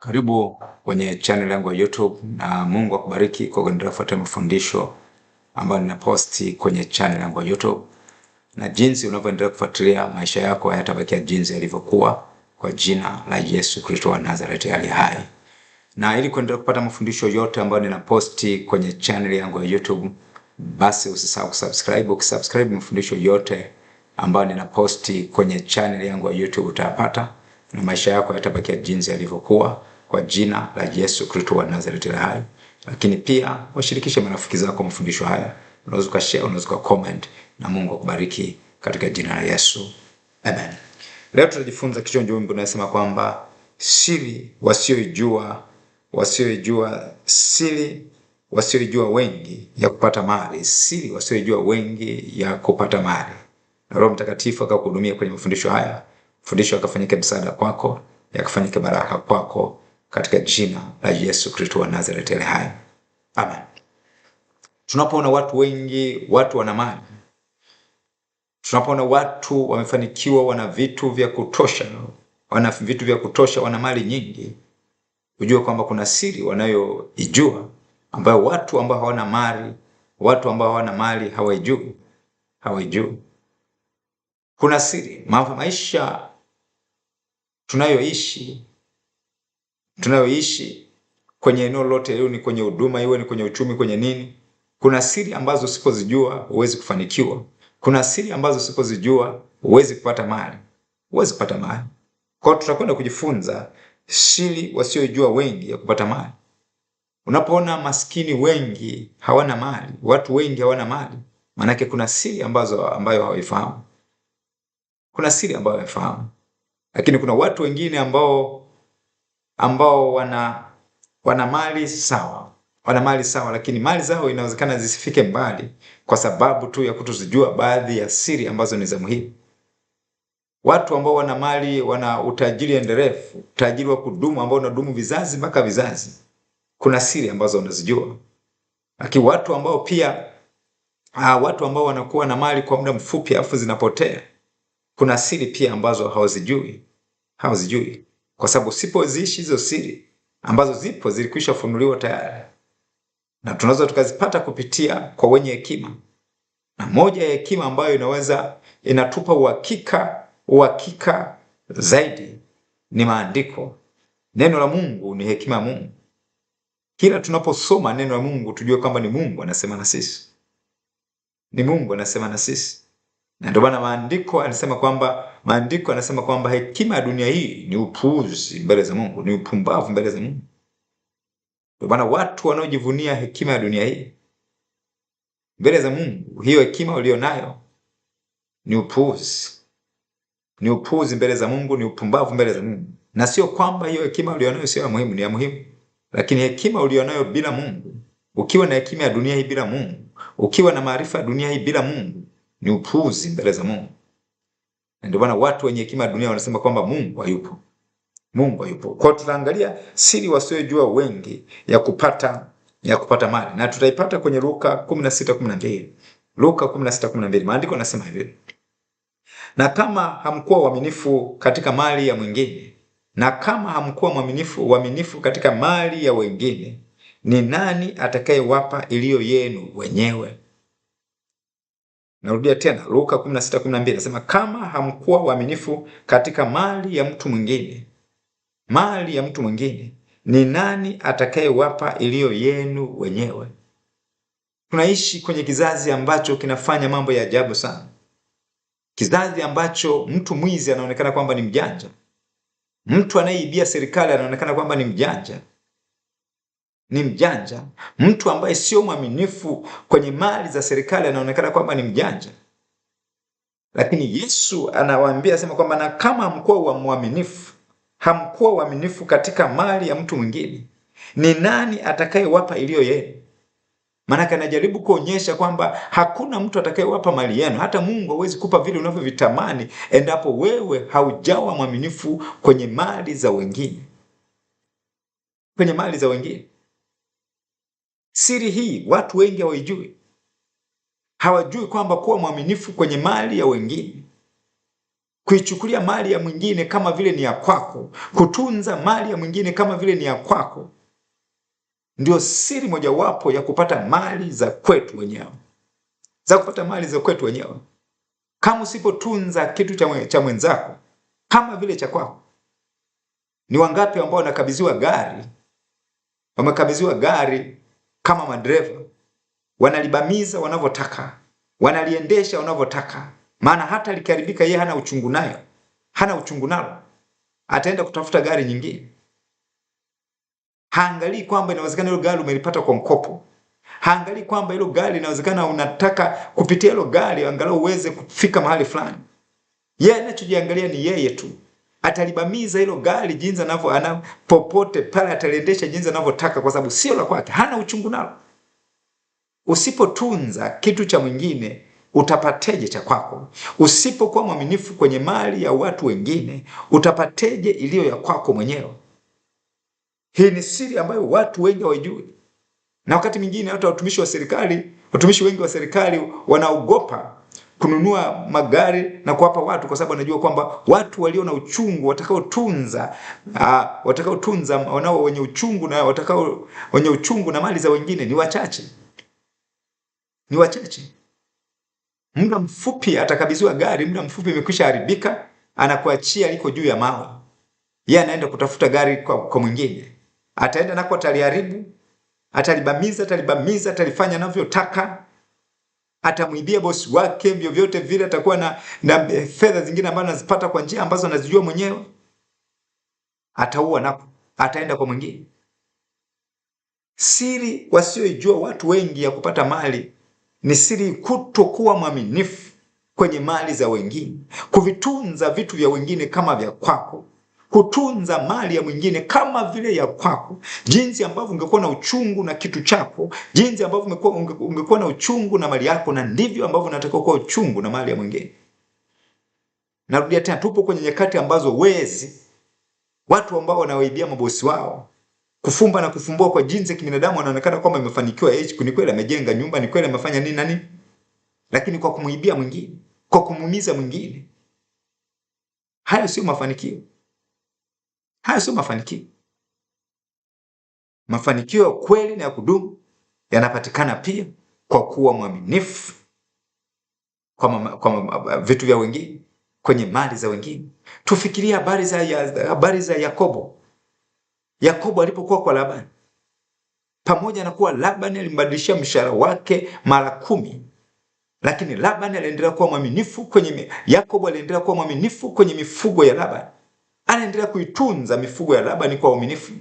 Karibu kwenye channel yangu ya YouTube na Mungu akubariki kwa kuendelea kufuata mafundisho ambayo ninaposti kwenye channel yangu ya YouTube, na jinsi unavyoendelea kufuatilia maisha yako hayatabakia jinsi yalivyokuwa kwa jina la Yesu Kristo wa Nazareti ali hai. Na ili kuendelea kupata mafundisho yote ambayo ninaposti kwenye channel yangu ya YouTube, basi usisahau kusubscribe. Ukisubscribe, mafundisho yote ambayo ninaposti kwenye channel yangu ya YouTube utayapata na maisha yako hayatabakia jinsi yalivyokuwa kwa jina la Yesu Kristo wa Nazareti la hai. Lakini pia washirikishe marafiki zako mafundisho haya, unaweza ukashare, unaweza comment, na Mungu akubariki katika jina la Yesu, amen. Leo tutajifunza kichwa cha ujumbe unasema kwamba siri wasioijua wasioijua siri wasioijua wengi ya kupata mali, siri wasioijua wengi ya kupata mali. Na Roho Mtakatifu akakuhudumia kwenye mafundisho haya, mafundisho akafanyike msaada kwako, yakafanyike baraka kwako katika jina la Yesu Kristo wa Nazareti ile hai. Amen. Tunapoona watu wengi, watu wana mali, tunapoona watu wamefanikiwa, wana vitu vya kutosha, wana vitu vya kutosha, wana mali nyingi, Ujue kwamba kuna siri wanayoijua ambayo watu ambao hawana mali, watu ambao hawana mali hawaijui, hawaijui. Kuna siri maisha tunayoishi tunayoishi kwenye eneo lote, iwe ni kwenye huduma, iwe ni kwenye uchumi, kwenye nini. Kuna siri ambazo usipozijua huwezi kufanikiwa. Kuna siri ambazo usipozijua huwezi kupata mali, huwezi kupata mali. Kwa hiyo tutakwenda kujifunza siri wasiojua wengi ya kupata mali. Unapoona maskini wengi hawana mali, watu wengi hawana mali, maanake kuna siri ambazo ambayo hawaifahamu, kuna siri ambayo hawaifahamu, lakini kuna watu wengine ambao ambao wana wana mali sawa, wana mali sawa, lakini mali zao inawezekana zisifike mbali kwa sababu tu ya kutozijua baadhi ya siri ambazo ni za muhimu. Watu ambao wana mali, wana utajiri endelevu, utajiri wa kudumu ambao unadumu vizazi mpaka vizazi, kuna siri ambazo wanazijua. Lakini watu ambao pia Ha, ah, watu ambao wanakuwa na mali kwa muda mfupi afu zinapotea, kuna siri pia ambazo hawazijui hawazijui kwa sababu usipoziishi hizo siri ambazo zipo zilikwisha funuliwa tayari na tunaweza tukazipata kupitia kwa wenye hekima, na moja ya hekima ambayo inaweza inatupa uhakika uhakika zaidi ni maandiko. Neno la Mungu ni hekima ya Mungu. Kila tunaposoma neno la Mungu tujue kwamba ni Mungu anasema na sisi, ni Mungu anasema na sisi, na ndio maana maandiko anasema kwamba Maandiko yanasema kwamba hekima ya dunia hii ni upuuzi mbele za Mungu, ni upumbavu mbele za Mungu. Kwa maana watu wanaojivunia hekima ya dunia hii mbele za Mungu, hiyo hekima ulionayo ni upuuzi, ni upuuzi mbele za Mungu, ni upumbavu mbele za Mungu. Na sio kwamba hiyo hekima ulionayo sio ya muhimu, ni ya muhimu, lakini hekima ulionayo bila Mungu, ukiwa na hekima ya dunia hii bila Mungu, ukiwa na maarifa ya dunia hii bila Mungu, ni upuuzi mbele za Mungu. Ndio maana watu wenye hekima dunia wanasema kwamba Mungu hayupo. Mungu hayupo. Kwa tutaangalia siri wasiojua wengi ya kupata ya kupata mali na tutaipata kwenye Luka 16:12. Luka 16:12 maandiko yanasema hivi. Na kama hamkuwa waaminifu katika mali ya mwingine, na kama hamkuwa mwaminifu waaminifu katika mali ya wengine, ni nani atakayewapa iliyo yenu wenyewe? Narudia tena Luka 16:12 nasema, kama hamkuwa waaminifu katika mali ya mtu mwingine, mali ya mtu mwingine, ni nani atakayewapa iliyo yenu wenyewe? Tunaishi kwenye kizazi ambacho kinafanya mambo ya ajabu sana, kizazi ambacho mtu mwizi anaonekana kwamba ni mjanja, mtu anayeibia serikali anaonekana kwamba ni mjanja ni mjanja, mtu ambaye sio mwaminifu kwenye mali za serikali anaonekana kwamba ni mjanja. Lakini Yesu anawaambia asema kwamba na kama hamkuwa wa mwaminifu, hamkuwa waaminifu katika mali ya mtu mwingine, ni nani atakayewapa iliyo yenu? Maanake anajaribu kuonyesha kwamba hakuna mtu atakayewapa mali yenu. Hata Mungu hawezi kupa vile unavyovitamani endapo wewe haujawa mwaminifu kwenye mali za wengine, kwenye mali za wengine. Siri hii watu wengi hawaijui, hawajui kwamba kuwa mwaminifu kwenye mali ya wengine, kuichukulia mali ya mwingine kama vile ni ya kwako, kutunza mali ya mwingine kama vile ni ya kwako, ndio siri mojawapo ya kupata mali za kwetu wenyewe, za kupata mali za kwetu wenyewe. Kama usipotunza kitu cha mwenzako kama vile cha kwako. Ni wangapi ambao wanakabidhiwa gari, wamekabidhiwa gari kama madereva wanalibamiza wanavyotaka, wanaliendesha wanavyotaka, maana hata likiharibika yeye hana uchungu nayo, hana uchungu nalo, ataenda kutafuta gari nyingine. Haangalii kwamba inawezekana hilo gari umelipata kwa mkopo, haangalii kwamba hilo gari inawezekana unataka kupitia hilo gari angalau uweze kufika mahali fulani. Yeye anachojiangalia ni yeye tu atalibamiza hilo gari jinsi anavyo ana popote pale ataliendesha jinsi anavyotaka, kwa sababu sio la kwake, hana uchungu nalo. Usipotunza kitu cha mwingine utapateje cha kwako? Usipokuwa mwaminifu kwenye mali ya watu wengine utapateje iliyo ya kwako mwenyewe? Hii ni siri ambayo watu wengi hawajui, na wakati mwingine hata watumishi wa serikali, watumishi wengi wa serikali wanaogopa kununua magari na kuwapa watu, kwa sababu anajua kwamba watu walio na uchungu watakaotunza, uh, watakaotunza wanao wenye uchungu na watakao wenye uchungu na mali za wengine ni wachache, ni wachache. Muda mfupi atakabidhiwa gari, muda mfupi imekwisha haribika, anakuachia liko juu ya mawe. Yeye anaenda kutafuta gari kwa, kwa mwingine, ataenda nako ataliharibu, atalibamiza, atalibamiza, atalifanya anavyotaka atamwibia bosi wake vyovyote vile, atakuwa na, na fedha zingine ambazo anazipata kwa njia ambazo anazijua mwenyewe, ataua nako, ataenda kwa mwingine. Siri wasioijua watu wengi ya kupata mali ni siri kutokuwa mwaminifu kwenye mali za wengine, kuvitunza vitu vya wengine kama vya kwako kutunza mali ya mwingine kama vile ya kwako, jinsi ambavyo ungekuwa na uchungu na kitu chako, jinsi ambavyo ungekuwa unge, ungekuwa na uchungu na mali yako, na ndivyo ambavyo unatakiwa kuwa uchungu na mali ya mwingine. Narudia tena, tupo kwenye nyakati ambazo wezi, watu ambao wanawaibia mabosi wao kufumba na kufumbua kwa jinsi ya kibinadamu, anaonekana kwamba imefanikiwa hichi, eh, ni kweli amejenga nyumba, ni kweli amefanya nini nani, lakini kwa kumuibia mwingine, kwa kumuumiza mwingine, hayo sio mafanikio. Haya sio mafanikio. Mafanikio ya kweli na ya kudumu yanapatikana pia kwa kuwa mwaminifu kwa, kwa vitu vya wengine, kwenye mali za wengine. Tufikirie habari za, habari za Yakobo. Yakobo alipokuwa kwa Labani, pamoja na kuwa Labani alimbadilishia mshahara wake mara kumi, lakini Labani aliendelea kuwa mwaminifu kwenye, Yakobo aliendelea kuwa mwaminifu kwenye mifugo ya Labani anaendelea kuitunza mifugo ya Labani kwa uaminifu.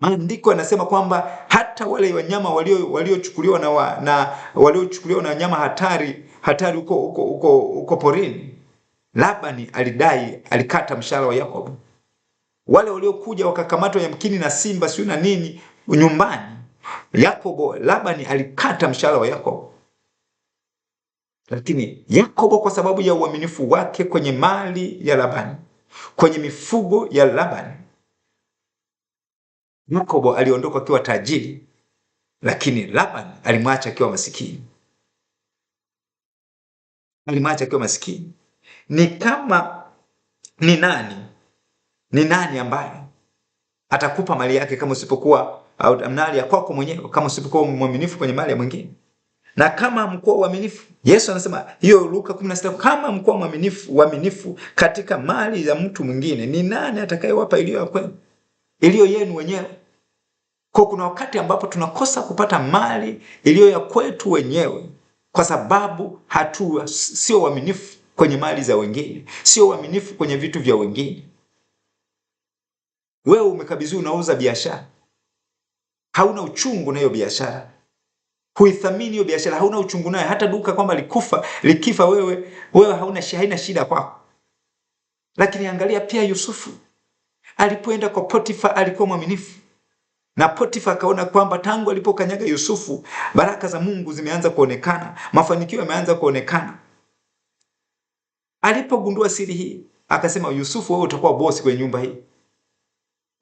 Maandiko yanasema kwamba hata wale wanyama waliochukuliwa na, wa, na waliochukuliwa na wanyama hatari hatari huko huko huko huko porini, Labani alidai alikata mshahara wa Yakob. Wale waliokuja wakakamatwa yamkini na simba siyo na nini nyumbani, Yakobo Labani alikata mshahara wa Yakob. Lakini Yakobo kwa sababu ya uaminifu wake kwenye mali ya Labani Kwenye mifugo ya laban Yakobo aliondoka akiwa tajiri, lakini laban alimwacha akiwa masikini, alimwacha akiwa masikini. Ni kama ni nani, ni nani ambaye atakupa mali yake kama usipokuwa mali ya kwako mwenyewe, kama usipokuwa mwaminifu kwenye mali ya mwingine? na kama mkuwa uaminifu. Yesu anasema hiyo Luka 16, kama mkuwa mwaminifu uaminifu katika mali ya mtu mwingine, ni nani atakayewapa iliyo ya kwenu, iliyo yenu wenyewe? Kwa kuna wakati ambapo tunakosa kupata mali iliyo ya kwetu wenyewe kwa sababu hatu sio uaminifu kwenye mali za wengine, sio uaminifu kwenye vitu vya wengine. Wewe umekabidhiwa, unauza biashara, hauna uchungu na hiyo biashara huithamini hiyo biashara, hauna uchungu nayo. Hata duka kwamba likufa likifa, wewe wewe hauna haina shida kwako. Lakini angalia pia Yusufu alipoenda kwa Potifa, alikuwa mwaminifu na Potifa akaona kwamba tangu alipokanyaga Yusufu, baraka za Mungu zimeanza kuonekana, mafanikio yameanza kuonekana. Alipogundua siri hii, akasema Yusufu, wewe utakuwa bosi kwenye nyumba hii,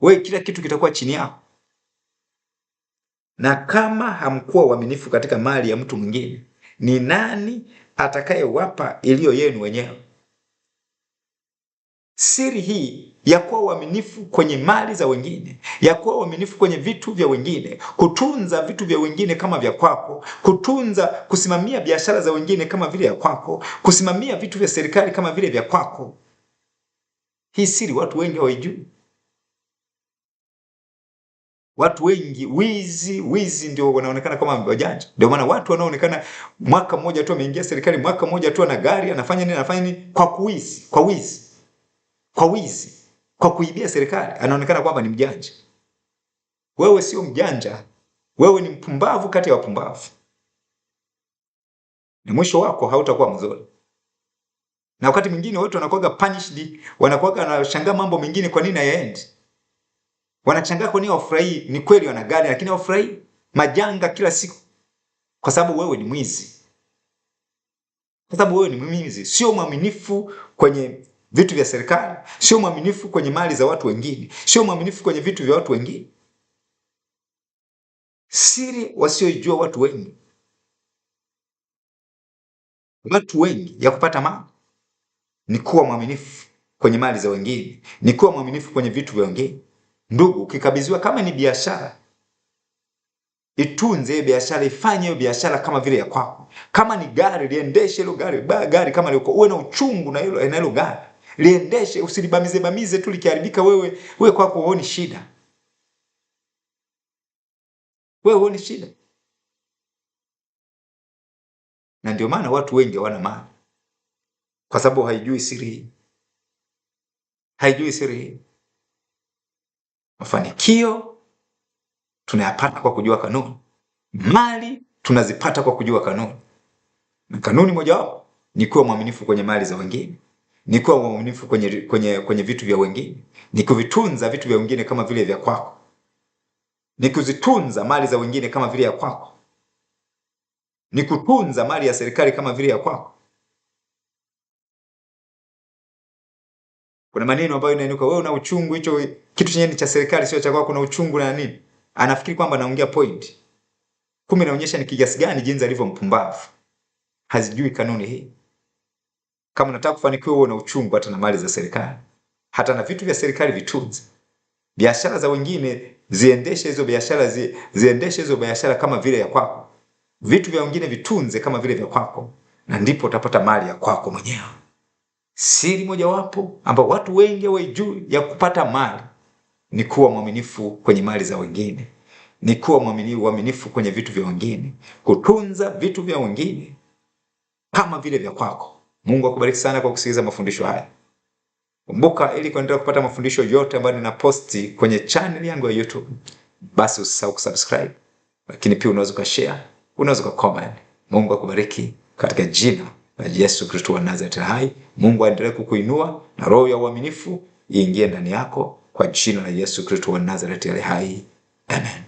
wewe kila kitu kitakuwa chini yako na kama hamkuwa waaminifu katika mali ya mtu mwingine, ni nani atakayewapa iliyo yenu wenyewe? Siri hii ya kuwa uaminifu kwenye mali za wengine, ya kuwa uaminifu kwenye vitu vya wengine, kutunza vitu vya wengine kama vya kwako, kutunza, kusimamia biashara za wengine kama vile ya kwako, kusimamia vitu vya serikali kama vile vya kwako. Hii siri watu wengi hawaijui watu wengi wizi wizi ndio wanaonekana kama wajanja. Ndio maana watu wanaonekana mwaka mmoja tu ameingia serikali, mwaka mmoja tu ana gari, anafanya nini, anafanya nini, kwa kuizi, kwa wizi, kwa wizi, kwa kuibia serikali, anaonekana kwamba ni mjanja. Wewe sio mjanja, wewe ni mpumbavu kati ya wapumbavu, na mwisho wako hautakuwa mzuri. Na wakati mwingine watu wanakuwa punished, wanakuwa wanashangaa mambo mengine, kwa nini hayaendi wanachangaa kwa nini wafurahi. Ni kweli wana gari, lakini wafurahi majanga kila siku, kwa sababu wewe ni mwizi, kwa sababu wewe ni mwizi, sio mwaminifu kwenye vitu vya serikali, sio mwaminifu kwenye mali za watu wengine, sio mwaminifu kwenye vitu vya watu wengine. Siri wasioijua watu wengi, watu wengi ya kupata mali ni kuwa mwaminifu kwenye mali za wengine, ni kuwa mwaminifu kwenye vitu vya wengine. Ndugu, ukikabidhiwa kama ni biashara, itunze hiyo biashara, ifanye hiyo biashara kama vile ya kwako. Kama ni gari, liendeshe hilo gari ba gari kama liko, uwe na uchungu na hilo na hilo gari, liendeshe, usilibamize bamize tu, likiharibika wewe wewe kwako huoni shida, wewe huoni shida. Na ndio maana watu wengi hawana mali, kwa sababu haijui siri hii, haijui siri hii. Mafanikio tunayapata kwa kujua kanuni, mali tunazipata kwa kujua kanuni, na kanuni mojawapo ni kuwa mwaminifu kwenye mali za wengine, ni kuwa mwaminifu kwenye, kwenye, kwenye vitu vya wengine, ni kuvitunza vitu vya wengine kama vile vya kwako, ni kuzitunza mali za wengine kama vile ya kwako, ni kutunza mali ya serikali kama vile ya kwako. kuna maneno ambayo inainuka, wewe una uchungu, hicho kitu chenye ni cha serikali, sio cha kwako, kuna uchungu na nini. Anafikiri kwamba anaongea point, kumbe inaonyesha ni kiasi gani jinsi alivyo mpumbavu, hazijui kanuni hii. Kama unataka kufanikiwa, uwe na uchungu hata na mali za serikali, hata na vitu vya serikali vitunze. Biashara za wengine ziendeshe hizo biashara zi, ziendeshe hizo biashara kama vile ya kwako. Vitu vya wengine vitunze kama vile vya kwako, na ndipo utapata mali ya kwako mwenyewe. Siri mojawapo ambayo watu wengi hawaijui ya kupata mali ni kuwa mwaminifu kwenye mali za wengine, ni kuwa mwaminifu kwenye vitu vya wengine, kutunza vitu vya wengine kama vile vya kwako. Mungu akubariki sana kwa kusikiliza mafundisho haya. Kumbuka, ili kuendelea kupata mafundisho yote ambayo ninaposti kwenye channel yangu ya YouTube, basi usisahau kusubscribe, lakini pia unaweza ukashare, unaweza ukacomment. Mungu akubariki katika jina Eh, Yesu Kristo wa Nazareti hai. Mungu aendelee kukuinua na roho ya uaminifu iingie ndani yako kwa jina la Yesu Kristo wa Nazareti hai. Amen.